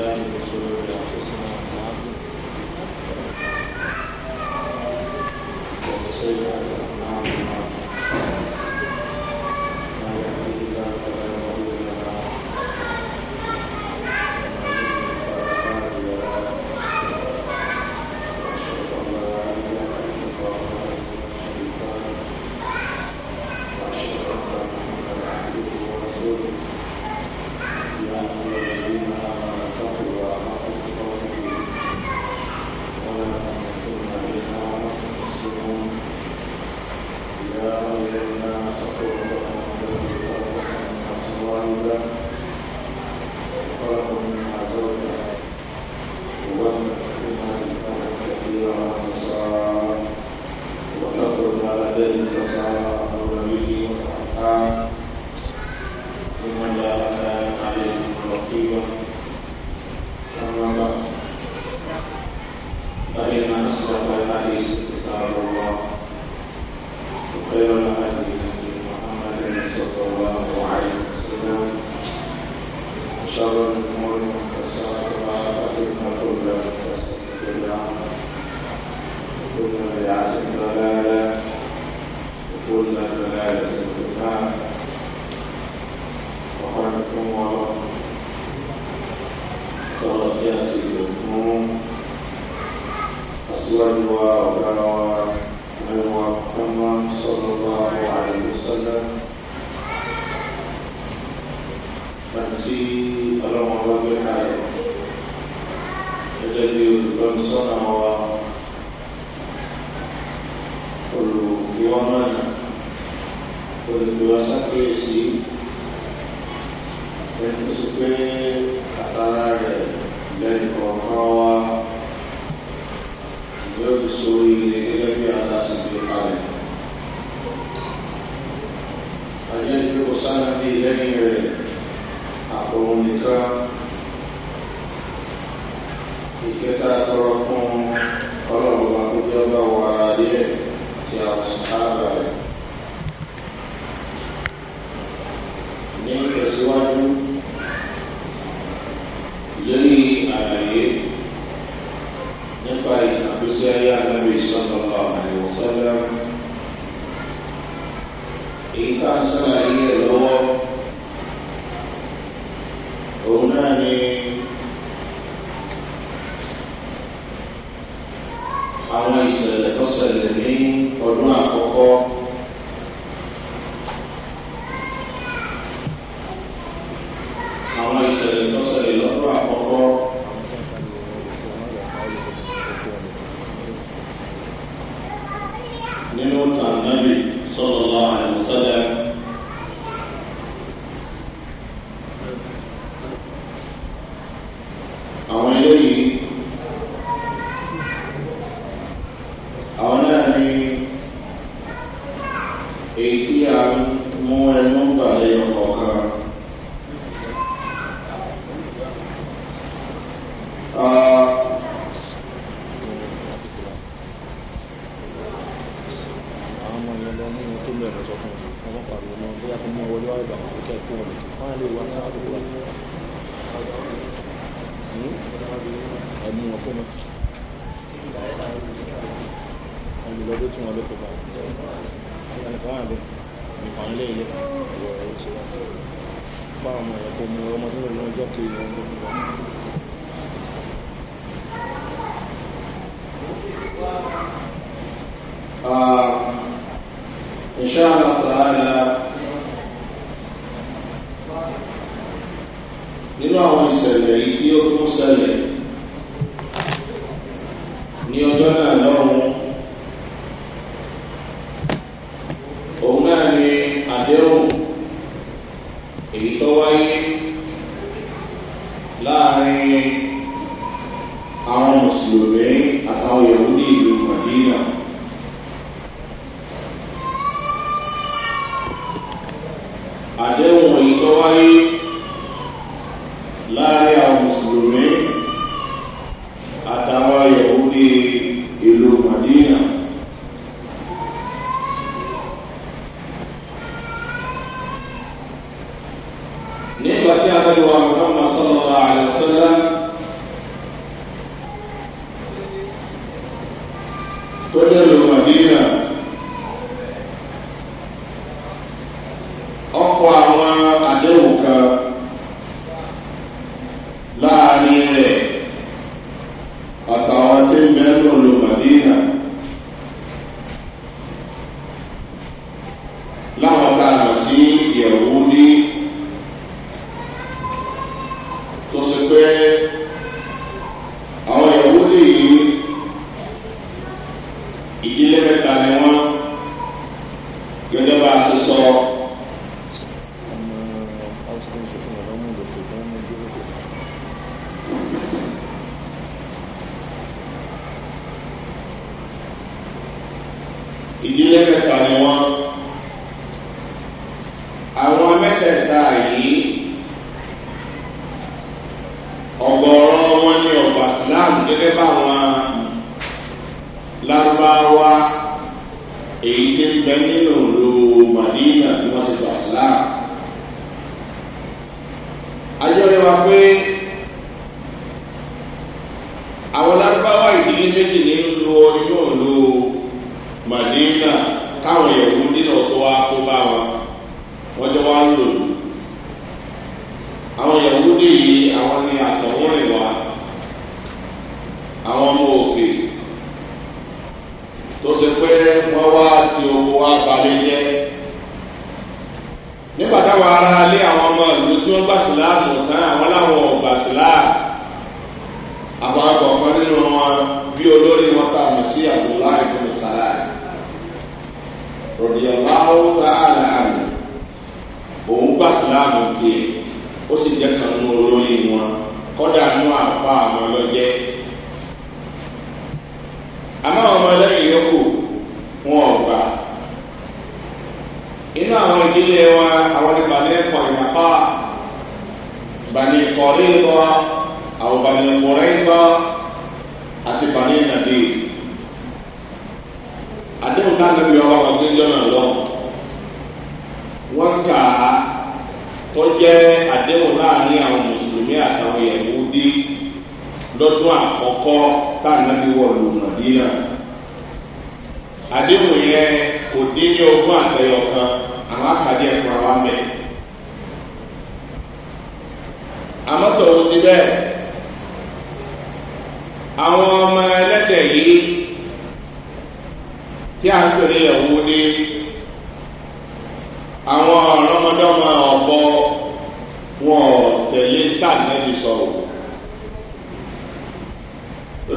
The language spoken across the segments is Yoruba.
yang d i s u r síwájú wa ọ̀gá wa ẹ̀wọ̀n ọmọ sọ́dọ̀gbà ààrẹ sọ́dọ̀ àti ọlọ́run ọba gbé náà gẹ́gẹ́ bí olùtọ́nisọ́nà wa olùgbéwọ́n náà olùgbéwọ́n sákèésí ẹni tó sì pé àtàrà rẹ̀ lẹ́yìn kọ̀ọ̀kan wa yóò fi sórí ilé gẹ́gẹ́ bí ara ti fi kalẹ̀. Àjẹ́ ìlú kò sára bí lẹ́yìn rẹ̀ àpòrò nìkan. Ìkẹta tọrọ fún ọlọ́run àkójọ àwọn ìṣẹ̀lẹ̀ tó ṣẹlẹ̀ ní ọdún àkọ́kọ́. nínú àwọn ìṣẹ̀lẹ̀ yìí tí ó tún ṣẹlẹ̀ ní ọjọ́ náà lọ́wọ́ ìdílé mẹ́ta ni wọ́n gẹ́gẹ́ bá a ṣe sọ. àmọ́ lọ́jẹ́ àmọ́ àwọn ọmọ lẹ́yìn yòókù wọn ò gbà inú àwọn ìdílé wa àwọn ìbànú ẹ̀kọ́ ìmọ̀pá ìbànú ìkọ̀ lẹ́yìnbọ̀ àwọn ìbànú ẹ̀kọ́ lẹ́yìnbọ̀ àti ìbànú ìnàdí àdéhùn náà lè fi ọwọ́ àwọn ìgbẹ́jọ́ náà lọ wọ́n kà á tó jẹ́ àdéhùn láàrin àwọn mùsùlùmí àtàwọn yẹ̀wò dé lọ́dún àkọ́kọ́ táànábi wọ̀ lù mọ̀dínà. àdéhùn yẹn kò dé ní ogún àtẹyọ kan àwọn àkàdé ẹ̀fọn àwọn abẹ. àmọ́ sọ̀rọ̀ ti bẹ́ẹ̀ àwọn ọmọ ẹlẹ́tẹ̀ yìí tí a ń pè ní ìyàwó ní.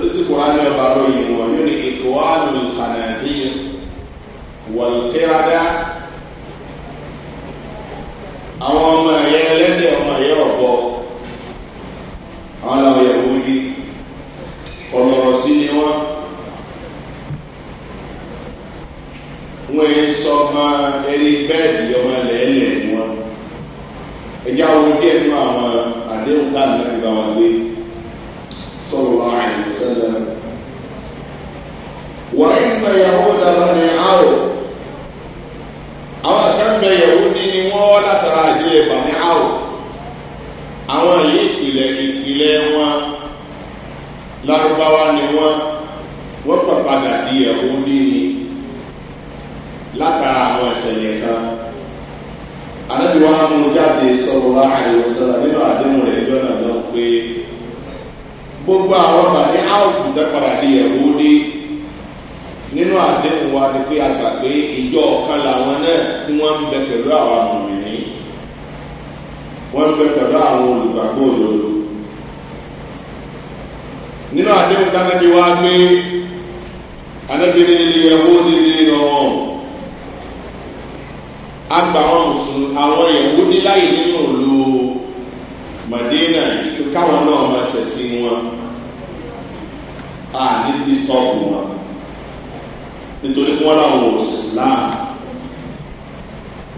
títí kùránì ọba lóyìn wọn yóò ní ètò àánú ìkànnàdé wọ̀n kíradá àwọn ọmọ ẹ̀yẹ ẹlẹ́sẹ̀ ọmọ ẹ̀yẹ ọ̀bọ àwọn làwọn yẹ̀wò yìí ọ̀nọ̀rọ̀ sí ni wọ́n wọ́n yẹ sọ máa ẹni bẹ́ẹ̀dì ọmọ ẹlẹ́ẹ̀lẹ̀ wọn ẹ̀yà wo díẹ̀ nínú àwọn àdéhùn káàdì náà ti bá wọn gbé. o àwọn àtàǹgbẹ yẹ̀wò ní ni wọ́n látara ìdílé bàmí á o àwọn yìí ìpìlẹ̀ ìpìlẹ̀ wọn lárúbáwá ni wọ́n wọn pàpàdà di yẹ̀wò ní ni látara àwọn ìṣẹ̀lẹ̀ kan ànábi wa mú jáde sọ̀rọ̀ wa àyẹ̀wò nínú àdéhùn gbogbo àwọn bàmí á o padà di nínú àdéhùn wa ni pé a gbà pé ìjọ ọ̀kan làwọn náà tí wọ́n ń bẹ pẹ̀lú àwọn àmọ̀mìnì wọ́n ń bẹ pẹ̀lú àwọn olùgbàgbọ́ òdodo nínú àdéhùn dákẹ́jì wa pé anábìrin ilé ẹ̀wọ́ nílé ìrọ̀rùn àgbà wọn sùn àwọn ẹ̀wọ́ níláyè nínú òlu mọ̀dínà káwọn náà máa ṣẹ̀sìn wọn à ní bí sọ́ọ̀bù wọn nítorí pé wọ́n làwọn ò sì islam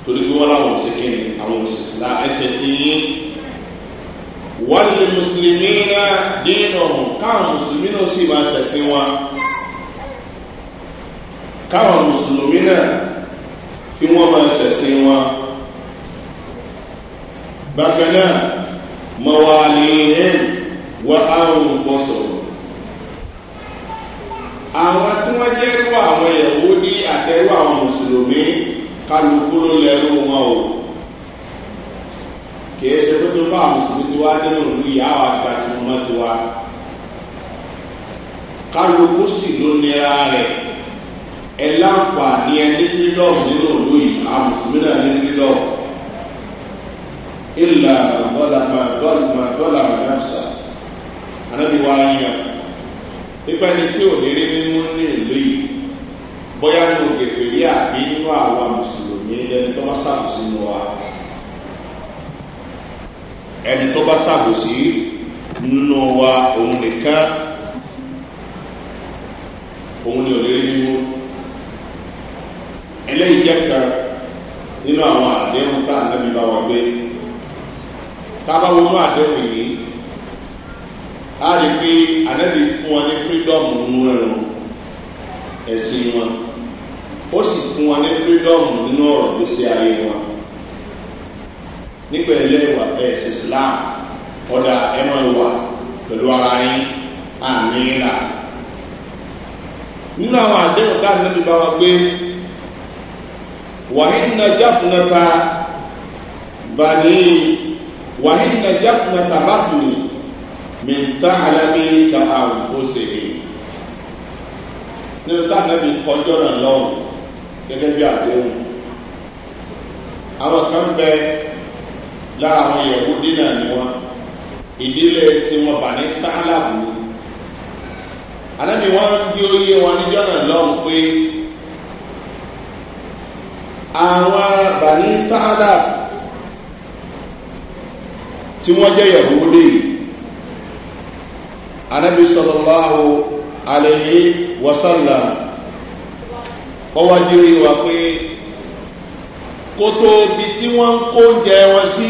torí pé wọ́n làwọn ò sì kéde àwọn ò sì islam ẹsẹ̀ tí wọ́n lè mùsùlùmí náà dínà káwọn mùsùlùmí náà sì máa ṣẹ̀sìn wọn káwọn mùsùlùmí náà kí wọ́n máa ṣẹ̀sìn wọn bákan náà mọ̀wálé ẹ̀ wọ́n á ń bọ̀ sọ̀rọ̀ àwọn tí wọ́n jẹ́ rú àwọn ẹ̀wọ́ ní àtẹ́rú àwọn mùsùlùmí kálukú ló lẹ́rú wọn o kìí ṣe tó tó bá àwọn mùsùlùmí tiwa nínú ìlú ìyá wa àgbà tí mo mọ́ tiwa kálukú sì ló nira rẹ̀ ẹ láǹfààní ẹ ní fílọ́ọ̀mù nínú ìlú yìí àwọn mùsùlùmí náà ní fílọ́ọ̀mù ìlà bọ́lá bọ́lá bọ́lá bọ́lá bọ́lá anabi wa yan nípa ẹni tí ò ní rí mímú ní ìlú yìí bóyá nínú kẹfìrí àbí nínú àwa mùsùlùmí ẹni tó bá ṣàbùsí nu wa ẹni tó bá ṣàbùsí nínú wa òun nìkan òun ni ò mímú eléyìí jẹ́ nínú àwọn àdéhùn tá à ń bá wa gbé tá a bá wọnú àdéhùn yìí a lè pe ànábì fún wọn ní fírídọ́ọ̀mù nínú ẹ̀rọ ẹ̀sìn wọn ó sì fún wọn ní fírídọ́ọ̀mù nínú ọ̀rọ̀ gbèsè ayé wọn nígbà ilé ìwà ẹ̀sìn islam ọ̀dà ẹ̀mọ ìwà pẹ̀lú ara yín àmì ìlà nínú àwọn àdéhùn tá a níbi bá wọn gbé wàhíì na jáfùnàta bàní wàhíì na jáfùnàta bàtùnì. من تعلم كأنفسهم nínú tá ànábì kọjọ náà lọ gẹgẹ bí àdéhùn àwọn kan bẹ lára àwọn dínà ni wọn ìdílé tí wọn bà ní tààlàbù wọn di oyé wọn níjọ náà lọrùn pé àwọn bà ní tí wọn jẹ yẹwò dé yìí. anabi sọlọ́láhù alẹ́yẹ wọ́sánlá kọ́wájú rí wa pé kótó bi tí wọ́n ń kó oúnjẹ wọn sí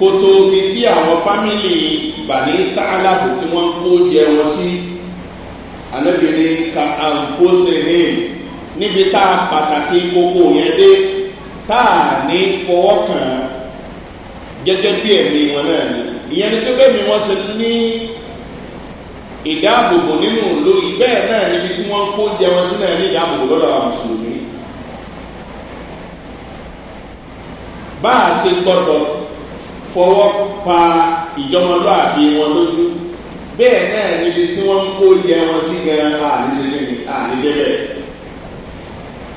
kótó bi tí àwọn fámìlì bàní tààlàbù tí wọ́n ń kó oúnjẹ wọn sí anabi ní ka àǹkóṣe ní níbi tá a pàtàkì gbogbo yẹn dé tá a ní fọwọ́ kàn án bí ẹ̀mí wọn náà ní ìyẹn ni pé bẹ́ẹ̀ ni wọ́n ṣe ní ìdáàbòbò nínú lórí bẹ́ẹ̀ náà níbi tí wọ́n kó jẹ wọn sí náà ní ìdáàbòbò lọ́dọ̀ àwọn mùsùlùmí. bá a ṣe gbọ́dọ̀ fọwọ́ pa ìjọmọlúàbí wọn lójú bẹ́ẹ̀ náà níbi tí wọ́n kó jẹ wọn sí gan àníṣe ànídébẹ̀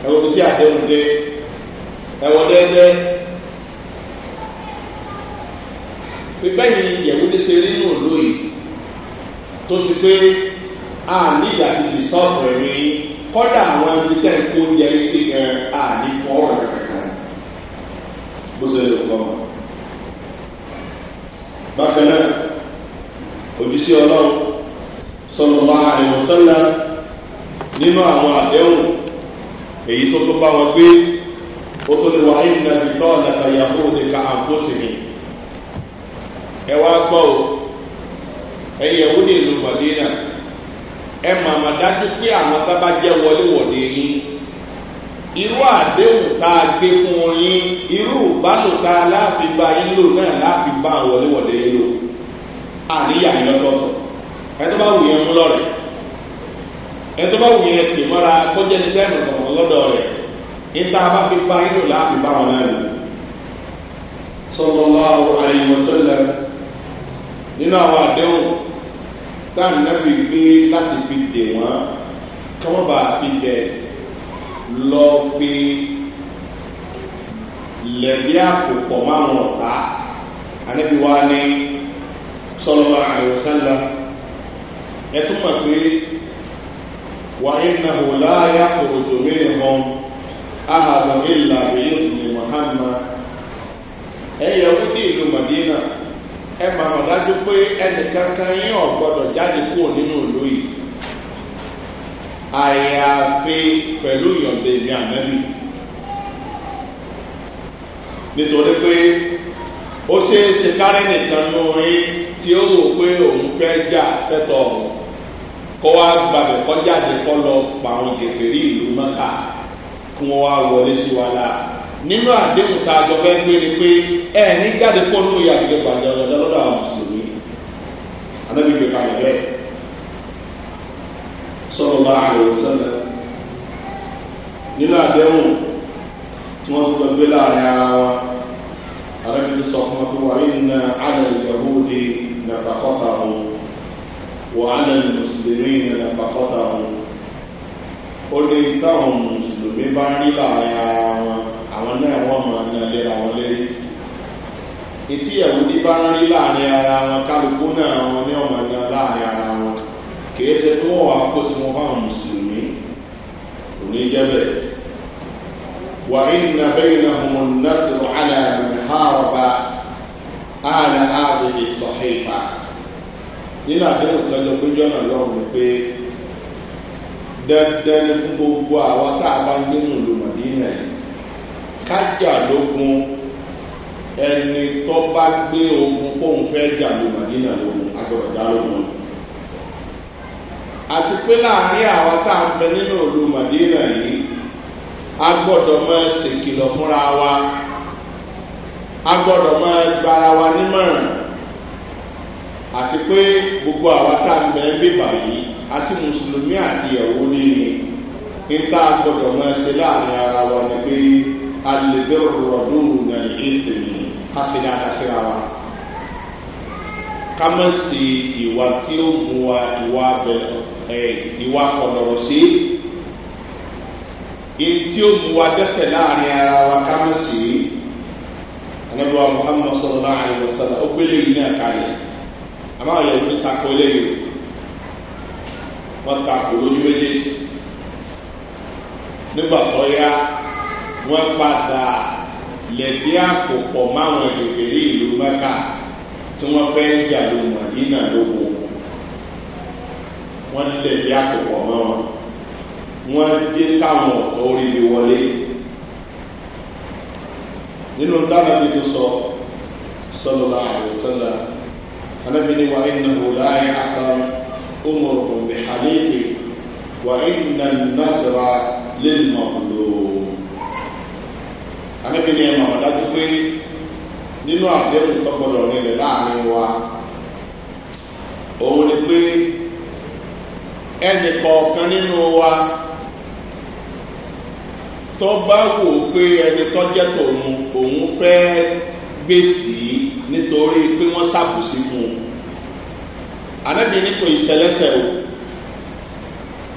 ẹ̀wọ̀n tí àdéhùn dé ẹ̀wọ̀n dẹ́dẹ́. pé bẹ́ẹ̀ ni ìyẹ̀wò ní ṣe rí nù lóye tó ṣe pé a nígbà tí ti sọ́ọ̀bù ẹ̀rí kọ́dà àwọn ẹni tẹ́ ń kó oúnjẹ ń ṣe gan a ní fún ọ̀rọ̀ kankan bó ṣe lè kọ́ mọ́. bákan náà òjísé ọlọ́run sọ̀rọ̀ wa àìmọ̀sánná nínú àwọn àdéhùn èyí tó tó bá wọn gbé ó tó lè wà ayélujára ìtọ́ ọ̀nà kàyàfó ní ká àǹfóṣìmí. ẹwà wá gbọ́ o ẹyẹ wo ìlú ẹ ma dájú pé àwọn sábà jẹ́ wọléwọ̀lé yín irú àdéhùn tá a gbé fún yín irú bá yín lò náà bá yín lò yín bá wù mú ẹtọ́ bá wù mọ́ra kọjá ní sẹ́nu lọ́dọ̀ rẹ̀ níta bá fi nínú àwọn àdéhùn táwọn na gbé láti fi dè wọ́n kí wọ́n fi dẹ̀ lọ pé lẹ̀bi àpòpọ̀ máwọn ọ̀tá anábì wa ní sọlọ́mọ àyọ̀sánlá ẹ tún mọ̀ pé wàá iná láàyà kòròdò mìíràn hàn áhàbà ìlà ìlú muhammad ẹ̀yà dé ìlú madina. ẹ mà mà dájú pé ẹnìkankan yín ọ̀gbọ́dọ̀ jáde kúrò nínú ìlú yìí àyàfi pẹ̀lú ìyọ̀ǹde ìní ànábì nítorí pé ó ṣeé ṣe kárẹ́ nìkan nù yín tí ó rò pé òun fẹ́ jà fẹ́tọ̀ ọ̀hún kó wá gbàgbé kọjá àdékọ́ lọ pa àwọn jẹ̀fẹ̀rí ìlú mọ́kà kí wọ́n wá wọlé sí wa láà nínú àdéhùn tá a jọ fẹ́ gbé ni pé ẹ ní jáde kó nínú ìyá àti ìjọba àjọ ọ̀dọ́ lọ́dọ̀ àwọn mùsùlùmí anábì gbé kalẹ̀ bẹ́ẹ̀ sọ̀rọ̀ bá àrùn sẹ́lẹ̀ nínú àdéhùn tí wọ́n ti gbàgbé láàrin ara wa arábìnrin sọ fún wa pé wà nínú àdà ìyàwó di nàbàkọ́tà òun wà àdà mùsùlùmí nàbàkọ́tà òun ó lè táwọn mùsùlùmí bá rí láàrin ara wọn àwọn náà wọ́n máa ná léra wọn lérí. etí ẹ̀wù ní bá ń rí láàrin ara wọn kálukú náà wọn ní ọmọ ẹ̀dá láàrin ara wọn kìí ṣe tó wọ́n wá tí wọ́n bá wọn mùsùlùmí kò ní jẹ́ bẹ́ẹ̀. wà á ní nàbẹ́yìn náà mo ná sọ̀rọ̀ àlẹ́ àmì hàrọ̀bà àlẹ́ àbẹ̀yẹ sọ̀hìnbà nínú àdéhùn kan ló náà lọ́rùn pé dandan ní gbogbo àwọn tá a bá ń gbé nù lùmọ̀dínà yìí kájà lógun ẹni tó bá gbé ogun kóun fẹ́ jà ló màdínà lógun agbọ̀dọ̀ ati lógun àti pé láàrin àwọn tá a fẹ́ nínú òlu màdínà yìí ṣèkìlọ̀ fúnra wa a gbọ́dọ̀ gbara wa nímọ̀ràn àti pé gbogbo àwa tá a fẹ́ ati yìí àti mùsùlùmí àti ìyàwó nìyí níta gbọ́dọ̀ máa ṣe láàrin ara wa ni pé. alẹ́dẹ́rọ̀ rọ̀dún ní ìdè ní kásìlẹ̀ àdásíra wa ká má sí ìwà tí ó mú wa ìwà bẹ̀rẹ̀ ìwà kọ̀lọ̀rọ̀ sí èyí tí ó mú wa dẹ́sẹ̀ láàrin ara wa ká má anabiwa muhammad sallallahu alayhi wa sallam ó gbélé yìí náà kalẹ̀ àmọ́ àwọn yòókù takò eléyìí wọ́n takò lójú méjèèjì nígbà tó yá wọ́n padà lẹ̀dí àpòpọ̀ máwọn ìbèrè ìlú mẹ́ka tí wọ́n fẹ́ jà ló mọ̀ nínà lóko wọ́n lẹ̀dí àpòpọ̀ mọ́ wọn wọ́n dé káwọn ọ̀tọ́ orí wọlé nínú dáná tó sọ sọlọ́lá àdùsọ́lá alábìnrin wa iná wò láàyè àtà ọmọ ògùn bẹ̀hálẹ́ èdè wa iná nàṣàrà lẹ́nu ọ̀gbọ̀n anábìrin ẹ̀ mọ̀ dájú pé nínú àdéhùn tọ́gbọ́dọ̀ nílẹ̀ láàrin wa òun ni pé ẹnì kọ̀ọ̀kan nínú wa tó bá wò pé ẹni tó jẹ́ tòun òun fẹ́ gbé tì í nítorí pé wọ́n sábùsí fún un anábìrin kò ìṣẹlẹsẹ o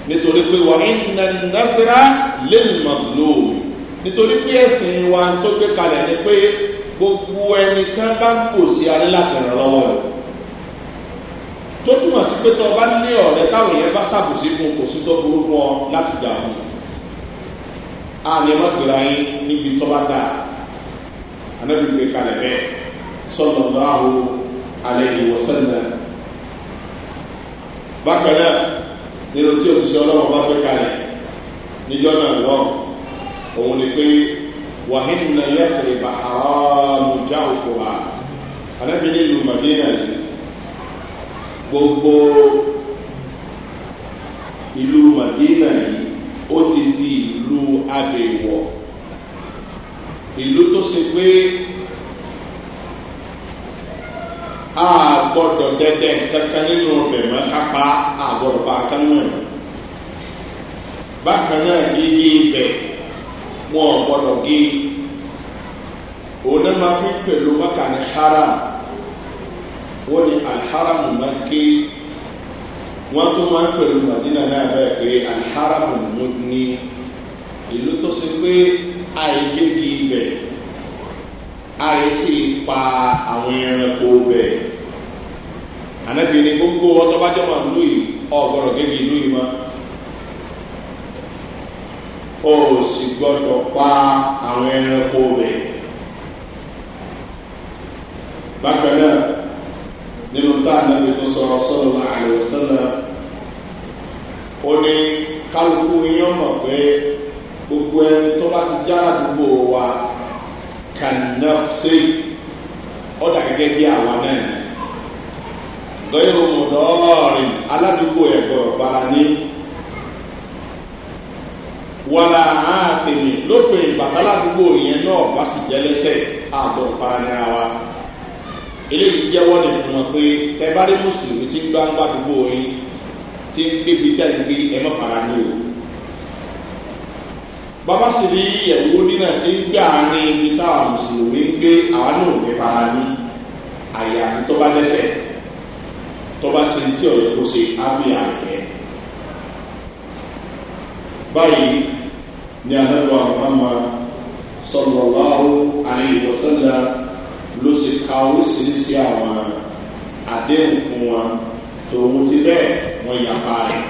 nítorí pé wàá ń nà nàfẹ́rà lẹ́nu màlúù nítorí pé ẹ̀sìn wa tó gbé kalẹ̀ ni pé gbogbo ẹni kan bá ń kò sí alẹ́ láti ràn lọ́wọ́ rẹ̀ tó túmọ̀ sí pé tó o bá ní ọ̀rẹ́ táwọn èèyàn bá ṣàbùsí fún kò sí tó burú fún ọ láti dà fún a ní wọn pèrè ayé níbi tó bá dà anábì gbé kalẹ̀ bẹ́ẹ̀ sọ̀tọ̀ báwo alẹ́ ìwọ̀sán náà bákan náà nínú tí òkúsẹ́ ọlọ́wọ́ bá gbé kalẹ̀ níjọ́ náà lọ́wọ́ òun ni pé wàhíìnà yẹ́sẹ̀rẹ̀ bá àárọ̀ já òkú wa anábìlẹ̀ ìlú mọ̀dínà yìí gbogbo ìlú mọ̀dínà yìí ó ti di ìlú abẹ́wọ̀ ìlú tó ṣe pé a gbọ́dọ̀ dẹ́dẹ́ kankan nínú ọbẹ̀ mọ́ kápá àgbọ̀dọ̀ bá kánú ẹ̀ bákan náà yíyí ibẹ̀ wọn ò gbọdọ̀ gé e òun náà máa fi pẹ̀lú mọ́kà ní haram wọ́n ní alharamu mọ́kì wọ́n tún máa ń pẹ̀lú madina náà bẹ́ẹ̀ pé alharamu ní ìlú tó ṣe pé àìkéjì ibẹ̀ àìsí pa àwọn ẹranko bẹ̀ ànábìíní gbogbo ọtọ́ bá jọ máa ń máa. o sì gbọ́dọ̀ pa àwọn ẹranko rẹ̀. bákan náà nínú táàmù ẹni tó sọ̀rọ̀ sọ̀rọ̀ àlùwò sọ́nà ó ní kálukú yín mọ̀ pé gbogbo ẹni tó bá ti já àdúgbò wa kànáà sí ọ̀dà gẹ́gẹ́ bí àwa náà lọ́yìn òmùdọ́ọ̀rìn aládùúgbò ẹ̀gbọ́n ọ̀bára ní. wàlà àtẹ̀mí lópin ìbàtálà àdúgbò yẹn náà bá sì jẹ́ lẹ́sẹ̀ àbọ̀ ìparanira wa. eléyìí jẹ́wọ́ ní ìfúnmọ́ pé ẹ bá rí mùsùlùmí tí ń gbangba àdúgbò yín tí ń débi tẹ̀lé pé ẹ mọ̀ fara ní o. bàbá sì rí ìyẹ̀wò nínà tí ń gbà ní ibi táwọn mùsùlùmí ń gbé àwa náà ò ní fara ní àyà tó bá lẹ́sẹ̀ tó bá tí ọ̀yọ́ kó ṣe á bí àyẹ̀ báyìí ní anábọ̀ muhammad sọlọ́láhù àyìnbọ̀sọ́lá ló ṣe ka oríṣiríṣi àwọn àdéhùn fún wa tòun ti bẹ́ẹ̀ wọ́n yàpá rẹ̀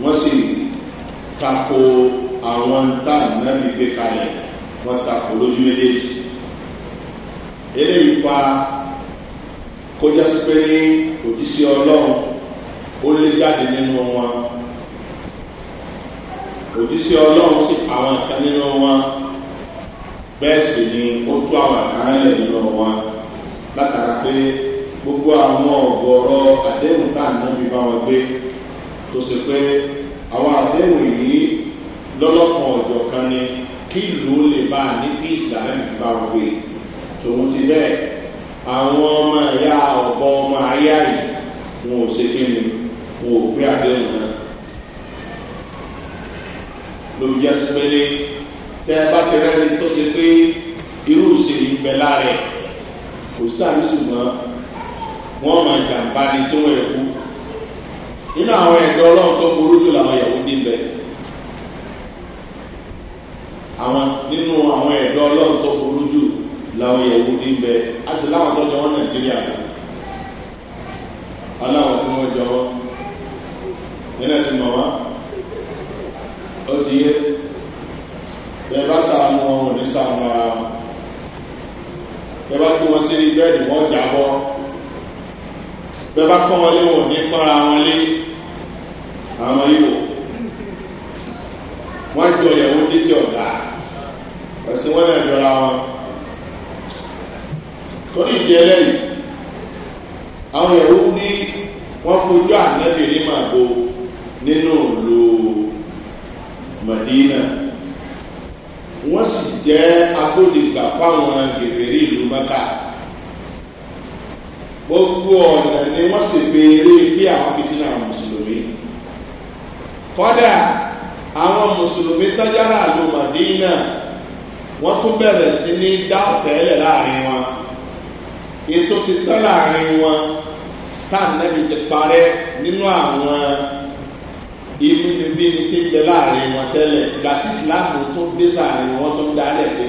wọ́n sì tako àwọn táàmù náà ní gbé kalẹ̀ wọ́n tako lójú méjèèjì eléyìí pa kó jásí pé ní òjísé jáde nínú wọn òjísé ọlọ́run sì pa àwọn nǹkan nínú wọn bẹ́ẹ̀ sì ni ó tú àwọn àkàrẹ́lẹ̀ nínú wọn látara pé gbogbo àwọn ọ̀gọ̀ọ̀rọ̀ àdéhùn tá à ń nábi bá wọn gbé tó ṣe pé àwọn àdéhùn yìí lọ́lọ́kan ọ̀jọ̀ kan ni kí ìlú lè bá a ní kí ìsìlámù bá wọn gbé tòun ti bẹ́ẹ̀ àwọn ọmọ ìyá ọ̀bọ ọmọ ayá yìí wọn ò ṣe kí ni wọn ò gbé àdéhùn náà. ló yẹ sípélé tẹ ẹ bá tó ṣe pé irú ìṣèlú ìgbẹ́ láàrẹ̀ kò sáàbí ṣùgbọ́n wọ́n máa jàǹbá ni tó burú àwọn nínú àwọn ẹ̀dọ́ ọlọ́run tó burú jù làwọn yẹ̀wò níbẹ̀ a sì nàìjíríà aláwọ̀ ó ti yé bẹ́ẹ̀ bá sàánú wọn ò ní sàánú ara wọn bẹ́ẹ̀ bá kí wọ́n sí bẹ́ẹ̀dì wọ́n jábọ́ bẹ́ẹ̀ bá kọ́ wọn lé wọn ní mọ́ra wọn lé àwọn yìí wọ́n jọ ìyàwó dé tí ọ̀gá ẹ̀sìn wọn náà jọra wọn torí ìdí ẹlẹ́yìn àwọn ìyàwó ní wọ́n fojú ànábì ní màbo nínú òòlù madina wọ́n sì jẹ́ agbódegbà fáwọn gègèrè ìlú mẹ́ta gbogbo ọ̀nà ni wọ́n sì béèrè bí àwọn fìtínà mùsùlùmí kọ́dà àwọn mùsùlùmí tọ́jára àlò madina wọ́n tún bẹ̀rẹ̀ sí ní dá ọ̀tẹ́lẹ̀ láàrin wọn ètò ti tán láàrin wọn táà nẹ́bi ti parẹ́ nínú àwọn irú ni bí ní ti ń bẹ láàrin wọn tẹ́lẹ̀ ìgbà tí ìsìláàmù tó dé sàárín wọn tó ń dálẹ̀ pé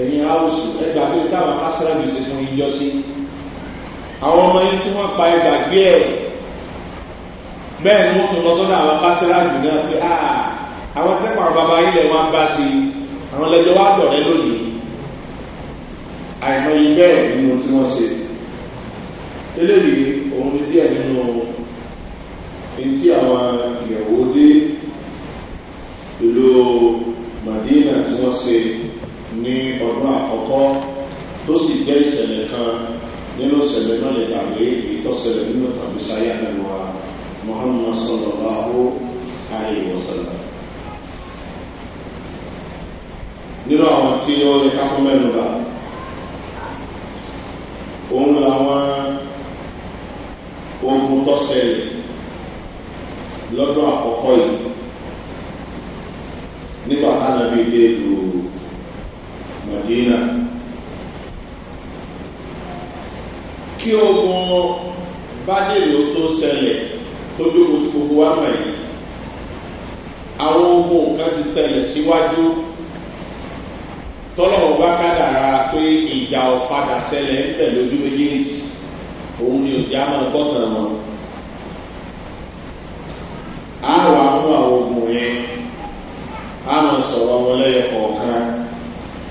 ẹ̀yin áwùsù ẹgbàá pé táwọn kásìláàmù ṣe fún yíyọ sí. àwọn ọmọ yìí tí wọ́n pa ìgbàgbé ẹ̀ bẹ́ẹ̀ ni wọ́n tún lọ sọ́dọ̀ àwọn kásìláàmù náà pé àwọn akẹ́kọ̀ọ́ àwọn baba ilẹ̀ wọn bá sí àwọn lẹ́jọ́ wá dọ̀rẹ́ lónìí àìmọye bẹ́ẹ̀ nínú tí wọ́n ṣe eléyìí òun ni díẹ̀ nínú ntí àwọn ìyàwó dé ìlú madina tí wọ́n ṣe ní ọdún àkọ́kọ́ tó sì jẹ́ ìṣẹ̀lẹ̀ kan nínú ìṣẹ̀lẹ̀ náà lè dàgbé ìtọ́sẹ̀lẹ̀ nínú tàbí sáyà nínú muhammad sallallahu alayhi wa sallam. nínú àwọn tí ó yẹ ká fún mẹ́nu bá òun làwọn ogun tọ́sẹ̀lẹ̀ lọ́dún àkọ́kọ́ yìí nígbà táwọn bíi dé lu mọ̀dínà kí ogun bájèrè ó tó sẹlẹ̀ tó dókòó tí gbogbo wa mọ̀ yìí àwọn ogun kan ti sẹlẹ̀ síwájú tọ́lọ́wọ́ bá kádàrá pé ìjà ọ̀padà sẹlẹ̀ ń tẹ̀ lójú méjèèjì òun ni òjá máa gbọ́kàn wọn. lẹ́yọ kọ̀ọ̀kan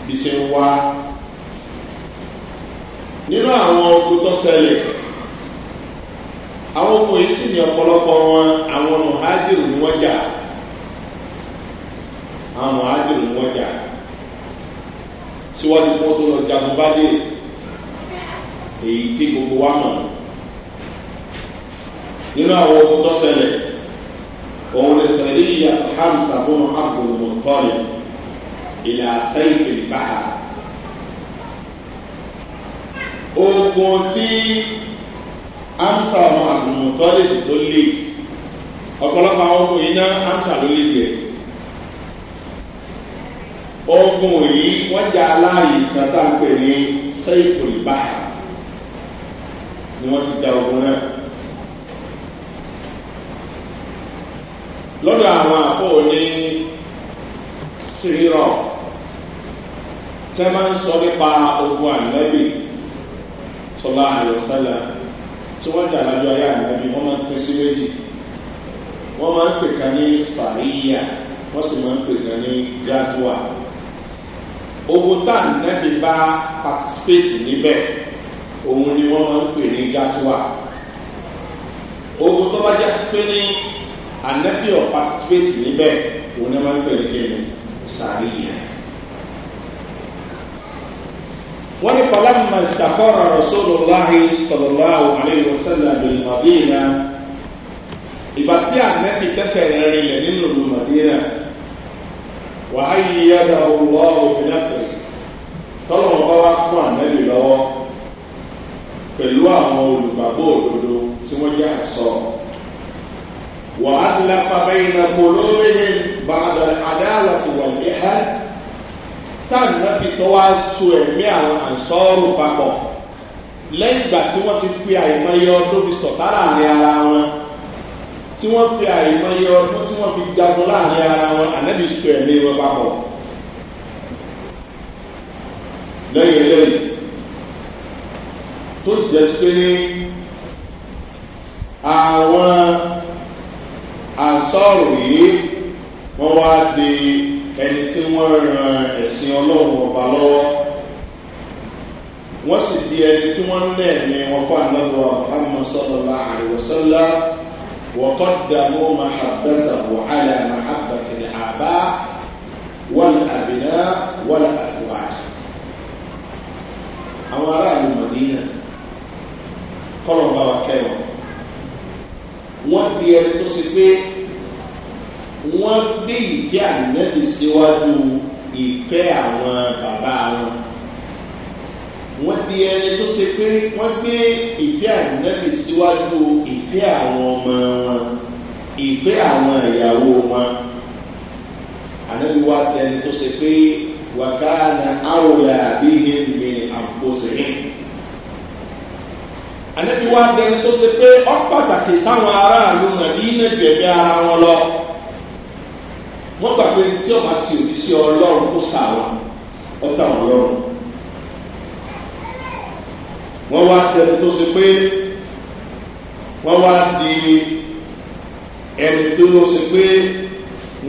bí ṣe ń wá. nínú àwọn ogun tó ṣẹlẹ̀ àwọn ogun yìí sì ní ọ̀pọ̀lọpọ̀ wọn àwọn mọ̀hájìrì ni àwọn tó lọ èyí tí gbogbo wa mọ̀ nínú àwọn ogun tó ṣẹlẹ̀ òun lè sẹ̀lẹ̀ hamsa ìlà sẹ́yìn ìlìbáà. Ogun tí Amsa ọmọ àgùnmọ̀tọ́ lè tó lè ọ̀pọ̀lọpọ̀ àwọn ọkùnrin yìí náà Amsa ló lè jẹ. Ogun yìí wọ́n jẹ́ aláàyè tata ń pè ní sẹ́yìn ìlìbáà ni wọ́n ti da ogun náà. Lọ́dọ̀ àwọn tẹ́ máa ń sọ nípa ogun ànábì sọlá àlùsálà tí wọ́n jà lájọ ayé ànábì wọ́n máa ń pín sí méjì wọ́n máa ń pè kan ní fàríyà wọ́n sì máa ń pè kan ní gádùá ogun tá ànábì bá pàtísípéètì níbẹ̀ òun ni wọ́n máa ń pè ní gádùá ogun tó bá jẹ́ sípé ní ànábì ọ̀ pàtísípéètì níbẹ̀ òun ni wọ́n máa ń pè ní kéwìn sàríyà. wọ́n ní falama ìtàkọ́ra rasulillahi sallallahu alayhi wa sallam bin madina ìgbà tí ànẹ́bí tẹ́sẹ̀ rẹ̀ rẹ̀ nínú ìlú madina wà á yí yàrá ọlọ́ òfinàfẹ́ tọ́lọ̀ wọn bá wá fún ànẹ́bí lọ́wọ́ pẹ̀lú àwọn olùgbàgbọ́ òdodo tí wọ́n jẹ́ àṣọ wà á ti lápá bẹ́yìn náà kó lóore bàdàn adáàlà tó wà ní ẹ́ táwọn fi tó wá so ẹ̀mí àwọn àǹsọ́ọ̀rù papọ̀ lẹ́yìn ìgbà tí wọ́n ti fi àìmọye ọdún fi sọ̀tá láàrin ara wọn tí wọ́n fi àìmọye ọdún tí wọ́n fi jagun láàrin ara wọn ànábì so ẹ̀mí wọn papọ̀ lẹ́yìn lẹ́yìn tó jẹ́ sí ní àwọn àǹsọ́ọ̀rù yìí wọ́n wá di ẹni tí wọ́n ran ẹ̀sìn ọlọ́run ọba lọ́wọ́ wọ́n sì di ẹni tí wọ́n ń lẹ́ẹ̀mí wọn fún ànábọ̀ àmọ́ sọ́dọ̀lá àríwọ̀sọ́lá wọ́kọ́ dààmú màhàbẹ́tà wàhálà màhàbẹ́tà àbá wọ́n àbìnà wọ́n àfúwàjì. àwọn aráàlú mọ̀nìyàn kọ́lọ̀ bá wa kẹ́ wọ́n di ẹni tó ṣe pé wọ́n gbé ìfẹ́ ànẹ́bí síwájú ìfẹ́ àwọn bàbá wọn wọ́n di ẹni tó ṣe pé wọ́n gbé ìfẹ́ ànẹ́bí síwájú ìfẹ́ àwọn ọmọ wọn ìfẹ́ àwọn ìyàwó wọn ànẹ́bí wá di ẹni tó ṣe pé wàkàna àwòrán àbí ìhẹ́nìmí àpòsìrín ànẹ́bí wá di ẹni tó ṣe pé ọ́ pàtàkì sáwọn aráàlú nàbí ìnẹ́jẹ̀bẹ̀ ara wọn lọ wọ́n gbà pé tí ọba sì òbí sí ọlọ́run kó sàrọ̀ ọ̀tá ọlọ́run. wọ́n wá tẹ̀lé tó ṣe pé wọ́n wá di ẹni tó ṣe pé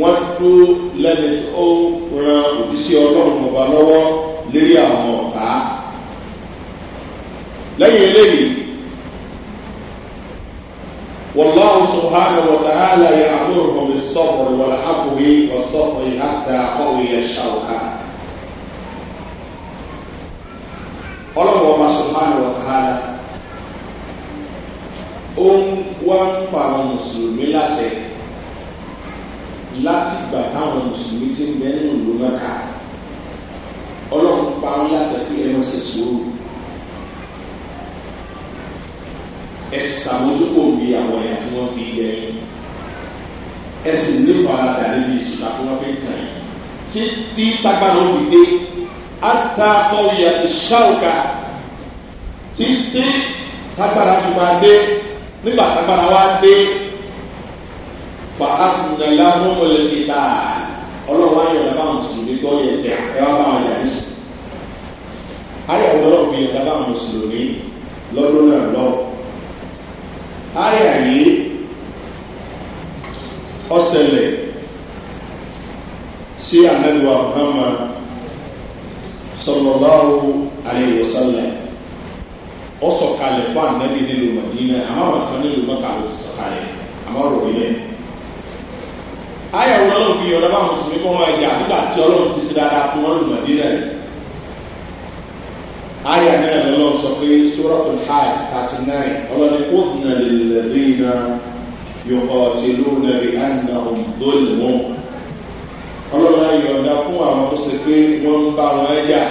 wọ́n tó lẹ́nu ó ran òbí sí ọlọ́run ọba lọ́wọ́ lérí àwọn ọ̀tá. lẹ́yìn eléyìí wọ́n lọ́wọ́. سبحانه وتعالى يأمرهم بالصبر والعفو والصبر حتى قوي الشوكة ọlọ́wọ́ ọba sùhánù ọ̀kàlà ó ń wá ń pa àwọn mùsùlùmí láṣẹ láti gbà táwọn mùsùlùmí ti ń bẹ nínú ìlú mẹ́ta pa ń láṣẹ pé ẹ má ṣe sùúrù ẹ sàmójúkò bí àwọn ẹ̀yà tí wọ́n fi yẹ yín ẹ sì ní faradà níbi ìṣúná tí wọ́n fi kàn yín tí tí tagbára ó fi dé àtàkọ́ ìyà ìṣàwùkà tí tí tagbára fi máa dé nígbà tagbára wá dé fa asinala mọ́mọ́lẹ́ kíta ọlọ́wọ́ ayọ̀ lọ́ba mùsùlùmí gbọ́ yẹn jẹ́ ẹ wá bá wọn yà ní sùn ayọ̀ lọ́wọ́ fi yẹn lọ́ba mùsùlùmí lọ́dún náà lọ́wọ́ àyà yìí ọ̀sẹ̀lẹ̀ sí anabiwa muhammad sọlọ́láwo àyẹ̀wòsálà ọ̀sọ̀kalẹ̀ fún anabi nílùú madina àmọ́ àwọn kan nílùú mọ́ta ọ̀sọ̀kalẹ̀ àmọ́ rò wọlé àyà wọn lọ́wọ́ fi yọ̀ọ́ lọ́wọ́ àwọn mùsùlùmí kọ́ wọn ẹ̀jẹ̀ àdúgbò àti ọlọ́run ti ṣe dáadáa fún wọn lùmọ̀dínà yìí àyà náà lọ́lọ́ sọ pé sórọ́tò hajj thirty nine ọlọ́ni kóòtùnà lè lẹ́bí iná yọkọ̀ tìlú nàbí àná òǹdólè wọn. ọlọ́run ayọ̀ǹda fún àwọn tó ṣe pé wọ́n ń bá wọn ẹ̀yà.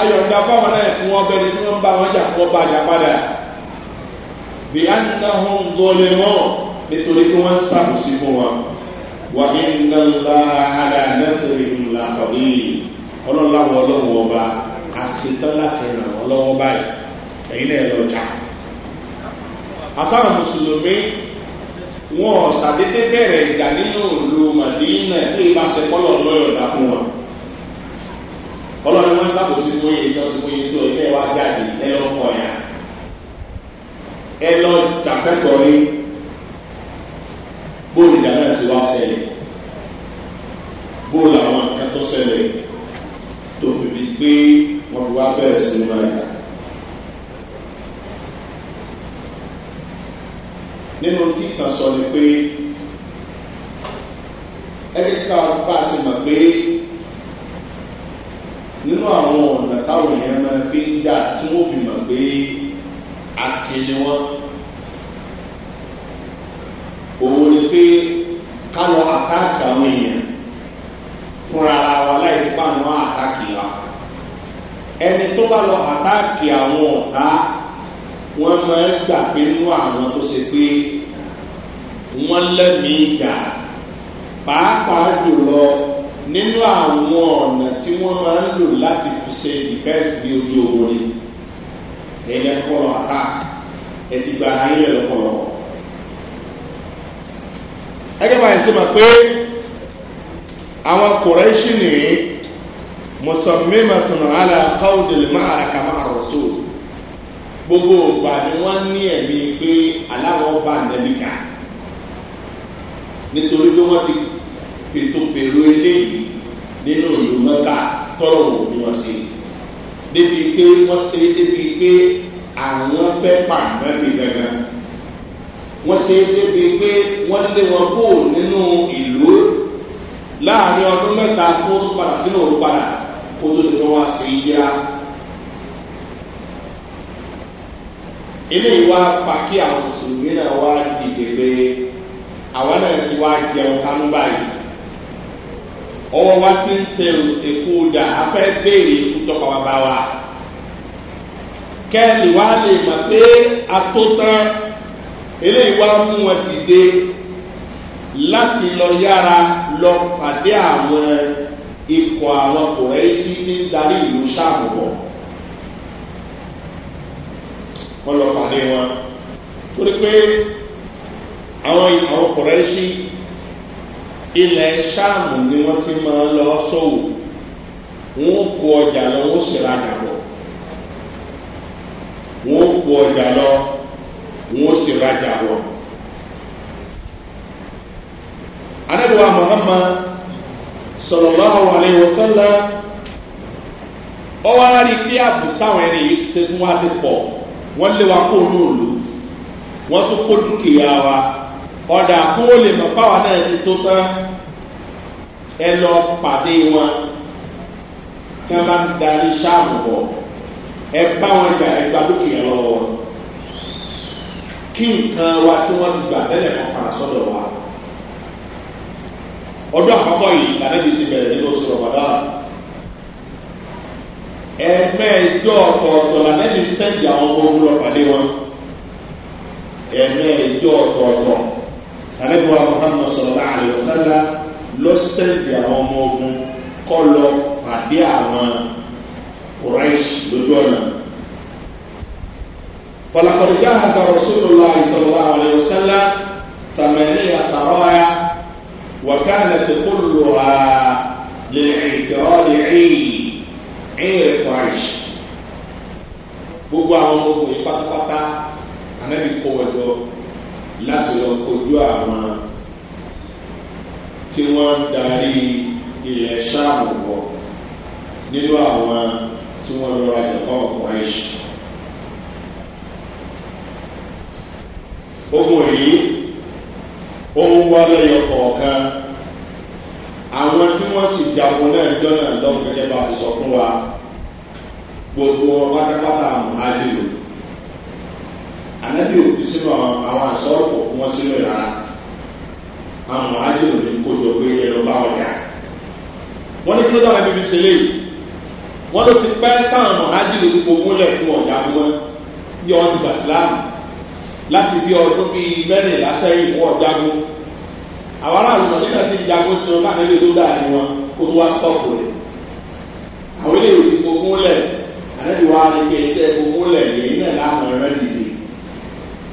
ayọ̀ǹda fáwọn náà fún wọn bẹni tí wọ́n ń bá wọn jà kó bàjá padà. bí àná òǹdólè wọn nítorí pé wọ́n ń sàkóso fún wọn. wà àdá nẹ́sìrì ńlá kọ̀ọ̀lì ọlọ́run láwọn ọlọ́run ọba a ṣetán láti ràn wọ́n lọ́wọ́ báyìí ẹ̀yin náà lọ jà. àtàwọn mùsùlùmí wọn ò ṣàdédé bẹ̀rẹ̀ ìjà nínú òlu màdínà tó ìbá ṣe kọ́lọ̀ lọ́yọ̀ dá fún wọn. ọlọ́run wọn ṣàkóso bóyá ìtọ́sí bóyá tó ilé wa jáde ẹ lọ kọ̀ ya ẹ lọ jàpẹ́kọ̀ọ́ ní bóyá náà ti wá ṣẹlẹ̀ bóòlù àwọn nǹkan tó tó fi di pé wọ́n fi wá bẹ̀rẹ̀ sí ní báyìí. nínú tí kan sọ ni pé ẹni ká bá a sì mọ̀ pé nínú àwọn ọ̀nà táwọn èèyàn máa fi ń jà tí wọ́n fi mọ̀ pé akéde wọn òun ni pé ká lọ àkáàkì àwọn èèyàn fúnra wa láì sí pàmò àti ẹni tó bá lọ àtàkì àwọn ọ̀tá wọ́n máa ń gbà pé nínú àwọn tó ṣe pé wọ́n lẹ́mìí ìjà pàápàá jùlọ nínú àwọn ọ̀nà tí wọ́n máa ń lò láti fi ṣe ìfẹ́sì bí ojú owó ni ẹ̀yẹ kọ́lọ̀ àtà ẹ̀tì gba ayé lọ́pọ̀lọpọ̀. ẹgbẹ́ báyìí sí ma pé àwọn kòrẹ́ṣì nìyí mùsọ̀mímọ̀tún àlà kọ́ọ̀dìlì máa àràkà máa rọ̀ sóò gbogbo ògbà ni wọ́n ní ẹ̀mí pé aláwọ̀ bá nẹ́bí ká nítorí pé wọ́n ti pètò pèrò eléyìí nínú ìlú mẹ́ta tọ́rọ̀ wò ni wọ́n ṣe débi pé wọ́n ṣe débi pé àwọn fẹ́ pàmò bí gangan wọ́n ṣe débi pé wọ́n lé wọn kó nínú ìlú láàrin ọdún mẹ́ta tó padà sínú òru kó tó lè wá sí yíra. eléyìí wá pa kí àwọn mùsùlùmí náà wá dìde pé àwa náà ti wá jẹun kánú báyìí ọwọ́ wa ti ń tẹ èkó dà afẹ́ béèrè ikú tọ́ka wa bá wa kẹ́ẹ̀lì wa lè mọ̀ pé atótán eléyìí wá mú wọn dìde láti lọ yára lọ pàdé àwọn ikọ̀ àwọn kòrẹ́sì ní darí ìlú sàmùbọ̀ ọlọ́pàá ní wọn torí pé àwọn àwọn kòrẹ́sì ilẹ̀ sàmù ni wọ́n ti máa lọ sọ́wọ́ wọn kó ọjà lọ wọn sì ra dàbọ̀ wọn kó ọjà lọ wọn sì ra dàbọ̀. anabiwa muhammad sọ̀rọ̀lá àwọn àlẹ́ wọn sọ́lá ọwọ́ arí pé àbò sáwọn ẹni yìí ti fún wa ti pọ̀ wọ́n lé wa kó ní òòlù wọ́n tún kó dúkìá wa ọ̀dà kó o lè mọ̀ báwa náà ti tó tán ẹ lọ pàdé wọn kí wọ́n bá ń darí sáàmù bọ̀ ẹ bá wọn gbà ẹ gba dúkìá lọ́wọ́ kí nǹkan wa tí wọ́n ti gbà tẹ́lẹ̀ kan padà sọ́dọ̀ wa ọdún àkọ́kọ́ yìí lànàjì ti bẹ̀rẹ̀ nínú oṣù rọ̀bàdà ẹ̀ẹ́mẹ́ẹ̀jọ ọ̀tọ̀ọ̀tọ̀ lànàjì sẹ́ǹdì àwọn ọmọ ogun lọ pàdé wọn ẹ̀ẹ́mẹ́ẹ̀jọ ọ̀tọ̀ọ̀tọ̀ lànàjì wa muhammed sọlọ́lá àlẹ́wọ̀sálà lọ sẹ́ǹdì àwọn ọmọ ogun kọ́ lọ pàdé àwọn kùráìṣì lójú ọ̀nà pọ̀lọpọ̀lọpọ̀ jáhàzà rọ̀ṣúlùlá ìsọ̀lọ́lá àlẹ́wọ̀sálà tàmẹ́lẹ́ àsàrọ̀ وكانت كلها للاعتراض عي عي قريش gbogbo àwọn ọmọkùnrin yìí pátápátá anábì kó wọn jọ láti lọ kojú àwọn tí wọn ń darí ilẹ̀ sáàmù bọ̀ nínú àwọn tí wọn lọ ra ẹ̀kọ́ ọkùnrin yìí. ogun yìí ó ń wá lẹ́yọ kọ̀ọ̀kan àwọn tí wọ́n sì jagun náà jọ́nà lọ́gbẹ̀ẹ́ bá ti sọ fún wa gbogbo pátápátá àjùlò ànábì òbí sínú àwọn àsọ̀rọ̀pọ̀ fún wọn sínú ìlara àwọn àjùlò ní kójọ pé ẹnu bá ọjà wọ́n ní kí ló dára bíbí ṣe léyìí wọ́n ló ti pẹ́ táwọn àjùlò ti fowó lẹ̀ fún ọ̀dà wọn yọ ọ́ ti láti bí ọdún bíi mẹ́rìnlá sẹ́yìn wọ́n jagun àwọn aráàlú náà nígbà tí jagun ti wọn láti ilé tó dáa ni wọn kó tó wá sọ́ọ̀kù rẹ̀ àwọn ilé ìwé ti gbogbo lẹ̀ àlejò wa ni kí ẹ tẹ́ gbogbo lẹ̀ yẹn náà láwọn ẹ̀rọ dìde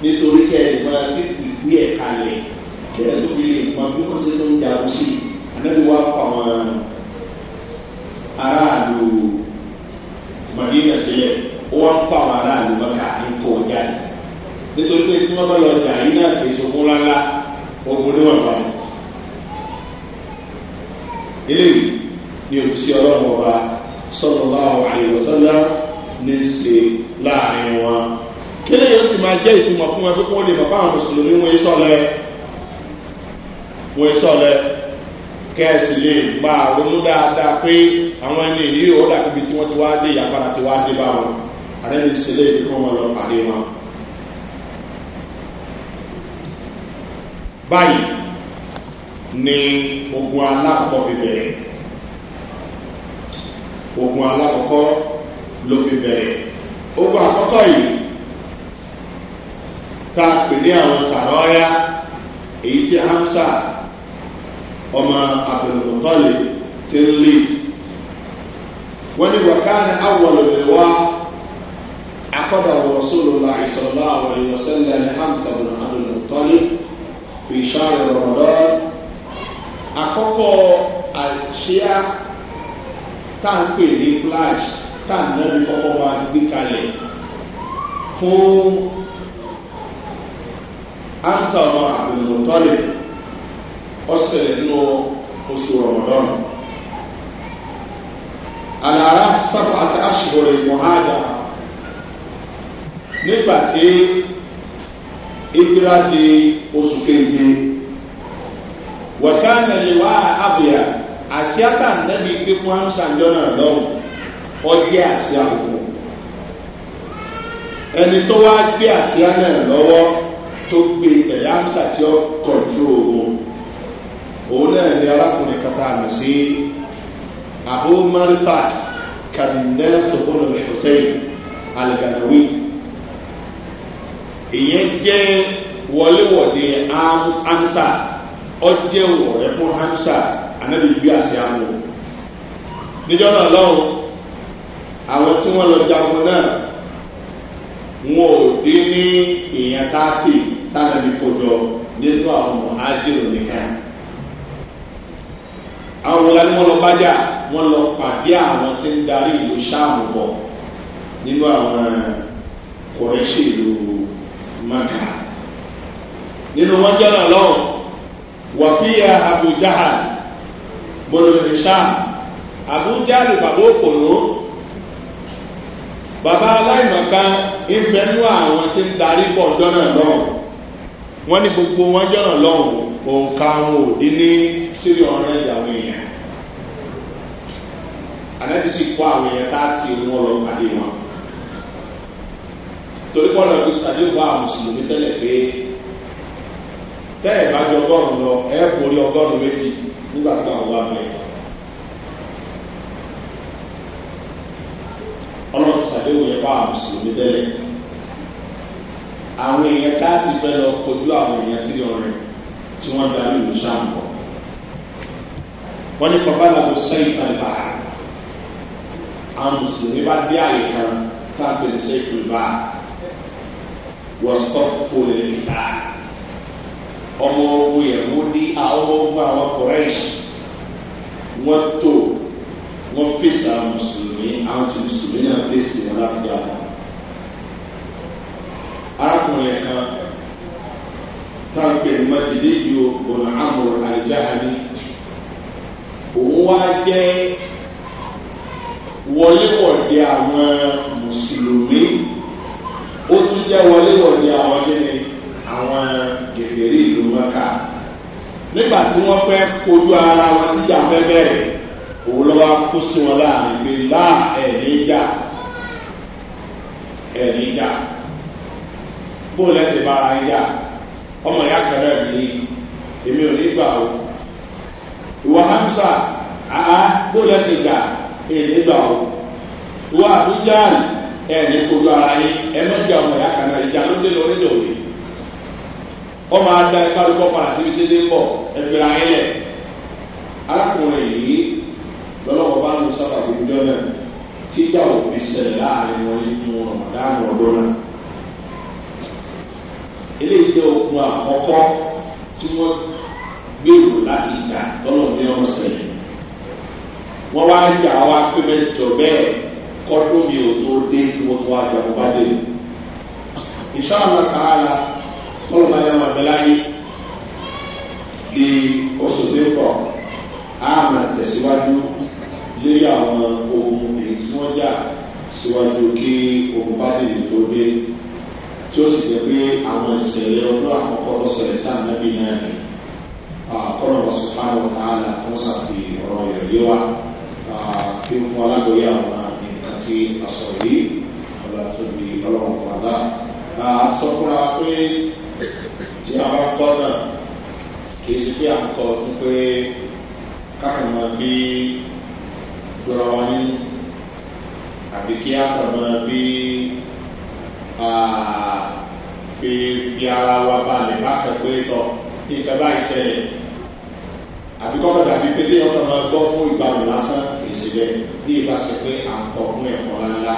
nítorí kẹ́ ẹ̀ ìgbà pípì gbé ẹ̀ kalẹ̀ kí ẹ̀ tó fi lè mọ bí wọ́n ṣe tó ń jagun sí àlejò wa kọ àwọn aráàlú màdínà sílẹ̀ wọ́n kọ àwọn aráàlú mọ́ká ní kó jáde nítorí pé tí wọ́n bá lọ jà yín náà kì í ṣokún lálá ogun ní wàá báyìí. eléyìí ni òkúsí ọlọ́run ọba sọ́dọ̀lá àyẹ̀wòsánná ní í ṣe láàrin wọn. kílẹ̀ yóò sì máa jẹ́ ìtumọ̀ fún wọn pé kó lè mọ̀ fáwọn mùsùlùmí wọn yé sọ̀lẹ̀ wọn yé sọ̀lẹ̀ kẹ́ẹ̀sì lè gba ronú dáadáa pé àwọn ẹni yìí ó dàbí tí wọ́n ti wá dé ìyàpadà ti wá dé bá wọn ìṣẹ̀lẹ̀ ìdíkọ́ wọn lọ pàdé wọn. báyìí ni ogun alákọ̀ọ́ fi bẹ̀rẹ̀ ogun alákọ̀ọ́ ló fi bẹ̀rẹ̀ ogun àkọ́kọ́ yìí ta a pè ní àwọn sàrọ́ọ́yá èyí tí hamsa ọmọ àbẹ̀lùmọ̀tọ́lẹ̀ ti ń lé wọ́n ní wàkánì awọ̀lùmẹ̀wá akọ́dà wọ̀ ìsọ̀lá àwọn ìwọ̀sẹ̀lẹ̀ hamsa ọmọ fi ṣáàrì rọ̀mọ̀dọ́ àkọ́kọ́ àṣìá tá à ń pè ní flash tá à ń náà ní kọ́kọ́ wa gbé kalẹ̀ fún áńsà ọmọ àbẹ̀wò tọ́lẹ̀ ọ̀sẹ̀ nínú oṣù rọ̀mọ̀dọ́nù àlàra sábà àti aṣèwòrè mọ̀hádà nígbà oṣù kéje wọ̀kánà lè wá àbíyá àṣìá tà nẹ́bi gbé fún hamsa jọ́nà lọ́wọ́ ọjẹ́ àṣìá òkú ẹni tó wá gbé àṣìá náà lọ́wọ́ tó gbé tẹ̀lé hamsa tí ó kọ̀jú òun òun náà ní arákùnrin kata àmì sí àbó mẹ́rìtà kàdínẹ́ sọ̀kúnù rẹ̀ hùsẹ́yìn alìkàdàwí ìyẹn jẹ́ wọléwọ̀de hamsa ọjẹ́ wọ̀rẹ́ fún hamsa anábì gbé àṣẹ àwọn o níjọ́ náà lọ́hùn àwọn tí wọ́n lọ jagun náà wọn ò dé ní ìyẹn táàtì tánàbí kojọ nínú àwọn ájírò nìkan àwọn wọlé ni wọn lọ bájà wọn lọ pàdé àwọn tí ń darí ìlú sáàmù bọ nínú àwọn kọrẹsì ìlú maka nínú wọn jẹ́ náà lọ́wọ́ wàfíà abujaha mọlòmíṣà abuja lè bàbá òpònú bàbá aláìmọ̀ká ìfẹ́nú àwọn tí ń darí pọ̀ jọ́nà lọ́wọ́ wọ́n ní gbogbo wọn jọ́nà lọ́wọ́ òǹkà wọn ò dín ní sírí ọ̀rẹ́ ìyàwó èèyàn anabi sì kó àwọn èèyàn tá a ti wọn lọ pàdé wọn torí kọ́ lọ́ọ́ fi mùsùlùmí tẹ́lẹ̀ pé tẹ́ ẹ̀ bá jọ ọgọ́rùn-ún lọ ẹ̀ borí ọgọ́rùn-ún méjì nígbà tí àwọn wà bẹ̀rẹ̀. ọlọ́run ṣàdéhùn yẹn bá àmùsùlùmí tẹ́lẹ̀ àwọn èèyàn láti fẹ́ lọ kojú àwọn èèyàn tí yọ rẹ̀ tí wọ́n darí ìlú sáàmù wọ́n ní kọ́bá làbọ̀ sẹ́yìn àgbà àmùsùlùmí bá dé àyè kan tá a pè ní sẹ́yìn àgbà wọ́n sọ́kù fún ilé kíkà ọmọ ogun yẹ̀wò ní àwọn ogun àwọn kọ̀rẹ́ẹ̀sì wọ́n tó wọ́n fèsì àwọn mùsùlùmí àwọn tí mùsùlùmí náà fèsì wọn láti àná. arákùnrin kan táǹpẹ̀ mọ́tìdé yìí o bọ̀nà àmọ̀rọ̀ àìjáhání òun wá jẹ́ wọléwọ̀de àwọn mùsùlùmí ó tún jẹ́ wọléwọ̀de àwọn jẹ́ni àwọn gègèrè. kà nígbà tí wọ́n fẹ́ kojú ara wọn tíjà fẹ́ bẹ̀rẹ̀ òun lọ́wọ́ kó sí wọn láàrin pé láà ẹ̀ níjà ẹ̀ níjà bó lẹ́sẹ̀ bára yá ọmọ ìyá kẹrẹ́ mi èmi ò ní o ìwọ hamsa àá bó èmi o ìwọ àbújá kojú ara yín ọmọ ìjà ló wọ́n máa da ẹ̀ka lóko padà síbi dédé ń bọ̀ ẹgbẹ̀rẹ̀ ayé lẹ̀. arákùnrin yìí lọ́lọ́wọ́ bá ń lo sábà gbogbo náà tí ìjà òfin ṣẹlẹ̀ láàrin wọn nínú ọ̀dààmú ọdún náà. eléyìí jẹ́ okun àkọ́kọ́ tí wọ́n gbèrò láti ìgbà lọ́nà ní ọ̀sẹ̀. wọ́n wá ń jà wá pé mẹ́jọ bẹ́ẹ̀ kọ́dún mi ò tó dé kí wọ́n tó wá jà bó bá dé. ìṣáàmù kàá fọlọ́ bá yàrá bẹ láyé di oṣù tó kọ̀ á mà tẹ̀síwájú lórí àwọn ohun èyí tí wọ́n jà síwájú kí ohun bá tètè tó dé tí ó sì jẹ́ pé àwọn ìṣẹ̀lẹ̀ ọdún àkọ́kọ́ lọ́sọ̀rọ̀ sáà nábì náà ni àkọ́nà ọ̀sùn fáwọn ọ̀tá tó ń ṣàfihàn ọ̀rọ̀ ìrẹ̀lẹ́ wa kí n fún alágbèéyà wọn nǹkan tí a sọ yìí ọ̀dà tó di ọlọ́run padà. sọ fúnra pé tí a bá kọ́ náà kìí sí pé à ń kọ́ fún pé kákan máa bí gbọ́ra wa nínú àbí kí á kàn máa bí fi fi ara wa balẹ̀ bákan pé tọ̀ ní nǹkan báyìí ṣẹlẹ̀ àbí kọ́kọ́ dàbí pé ọkọ̀ máa gbọ́ fún ìgbàlù lásán kìí ṣe bẹ́ẹ̀ bí ìbá ṣe pé à ń kọ́ fún ẹ̀kọ́ ńláńlá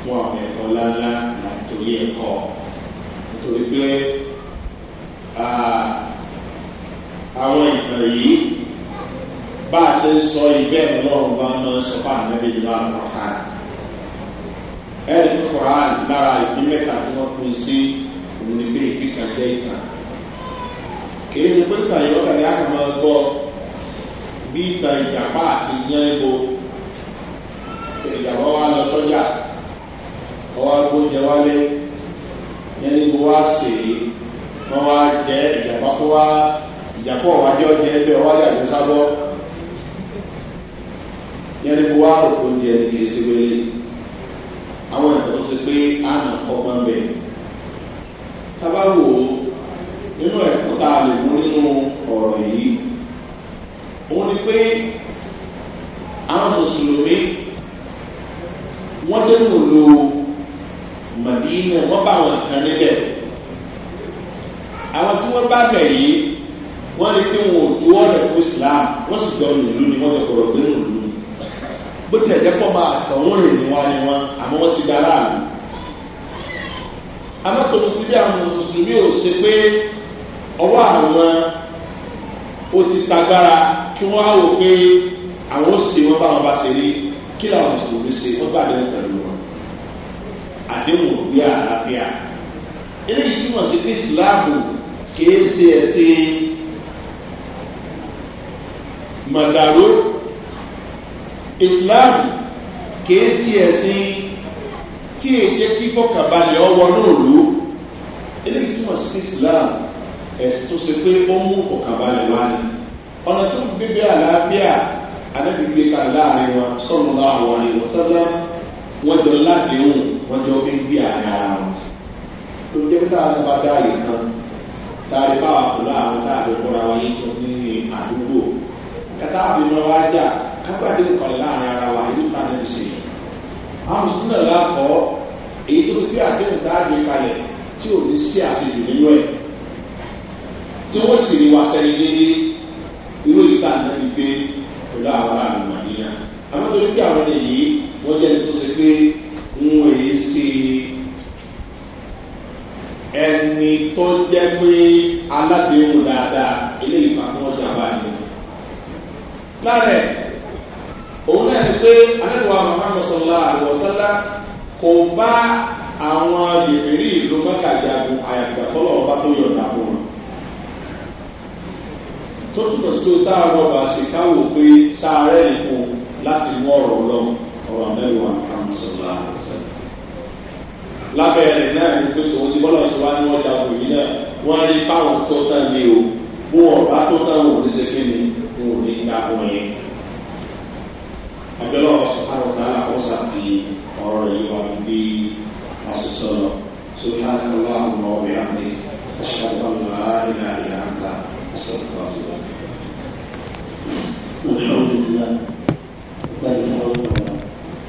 fún àwọn ẹ̀kọ́ ńláńlá làtòrí ẹ̀kọ́ torí pé àwọn ìtàn yìí bá a ṣe ń sọ ibẹ̀ ọlọ́run bá máa ń sọ fún ànábìyí bá wọn ká ẹ̀rí koran lára ìpín mẹ́ta tí wọ́n pín sí òun ni pé ìpín kan jẹ́ ìtàn kì í ṣe pé ìtàn yìí wọ́n kàdé á kà gbọ́ bí ìtàn ìjàpá àti yán ibo ìjàpá wa lọ sọ́jà ọwọ́ agbóúnjẹ wálé. yẹn ní kó wá sè é wọ́n wá jẹ́ ìjàpá kó wá ìjàpọ̀ wá jẹ́ ọjẹ́ ẹgbẹ́ wá yà ló sábọ́ na ní kó wá òkú oúnjẹ ní ṣe wẹ́lẹ́ àwọn ìtàn tó pé àná ọgbọ́n bẹ̀ nínú ẹ̀kọ́ tá inú wọn bá wọn kan níbẹ̀ àwọn tí wọ́n bá bẹ̀ yìí wọ́n rí pé wọn ò tó ọ̀rẹ́ fún islam wọ́n sì jọ ìlú ni wọ́n jọ kọ̀rọ̀ pé ìlú ni bó tẹ̀ jẹ́ pọ̀ máa tọ̀wọ́n rìn ní wọn ni wọn àmọ́ wọ́n ti dára àlù amẹ́tọ̀ọ́ ti bí àwọn mùsùlùmí ò ṣe pé ọwọ́ àwọn ó ti tagbára kí wọ́n á wò pé àwọn ó ṣe wọ́n bá wọn bá ṣe rí kí làwọn mùsùlùmí ṣe wọ́n bá lẹ́nu pẹ̀lú wọn àdéhùn bí àlàáfíà eléyìí túmọ̀ sí pé ìsìláàmù kìí ṣe ẹ̀sìn màdàrú ìsìláàmù kìí ṣe ẹ̀sìn tí èdè kíkọ́kàbalẹ̀ ọwọ́ náà lò eléyìí túmọ̀ sí ìsìláàmù ẹ̀sìn tó ṣe pé ó mú ìfọ̀kàbalẹ̀ wá ní ọ̀nà tó ń gbégbé àlàáfíà anábìgbé kan láàrin wa sọ́nù láàrin wa ni wọ́n sọ́dọ̀ wọ́n jọ wọ́n jọ fi ń gbé àmì ara wọn. tó jẹ́ pípa àwọn bá dá àyè kan táàrí báwa kò láàrin táàrí kóra wáyé tó ní àdúgbò kẹta àfihàn wa jà kápẹ́tì nìkan láàrin ara wa ìlú náà ní ṣe. àwọn sùnà lákọ̀ èyí tó fi àdéhùn táàrí kalẹ̀ tí ò ní sí àṣejù nínú ẹ̀ tí wọ́n sì rí wa sẹ́yìn déédéé irú ìta náà ni pé kò àwọn àlùmọ̀ níyà. àwọn tó ń gbé àwọn ẹ̀yìn wọ́n jẹ́ ẹni tó ṣe pé wọn èyí ṣe ẹni tó jẹ́ pé aládéhùn dáadáa eléyìí bá fún ọjà báyìí. lára ẹ̀ òun náà ni pé anáwó àmàmà sọ̀lá àlùwọ̀sọ́lá kò bá àwọn bèbèrè ìlú mọ́kàjagun àyàgbà tọ́lọ̀ ọba tó yọ̀ǹda fún wọn. tó túnbọ̀ sí ọ̀tá àwọn ọba ṣèkáwò pé sáà rẹ̀ láti mú ọ̀rọ̀ lọ ọ̀rọ̀ àmẹ́wàá lábẹ́ rẹ̀ náà ní pé tòun ti bọ́lá sí wá ní wọ́n ja òyìn náà wọ́n rí páwọn tó tán ní o fún ọ̀bá tó tán wò ní sẹ́kẹ́ ni wọn ò ní ta wọn yẹn. àbẹ̀lọ́ sọ̀tàn ọ̀tá àwọn sàbí ọ̀rọ̀ yìí wà bí àṣìṣọ́ lọ sọ̀tàn ọ̀lá àwọn ọ̀bẹ̀ àmì àṣàkọ́ ńlá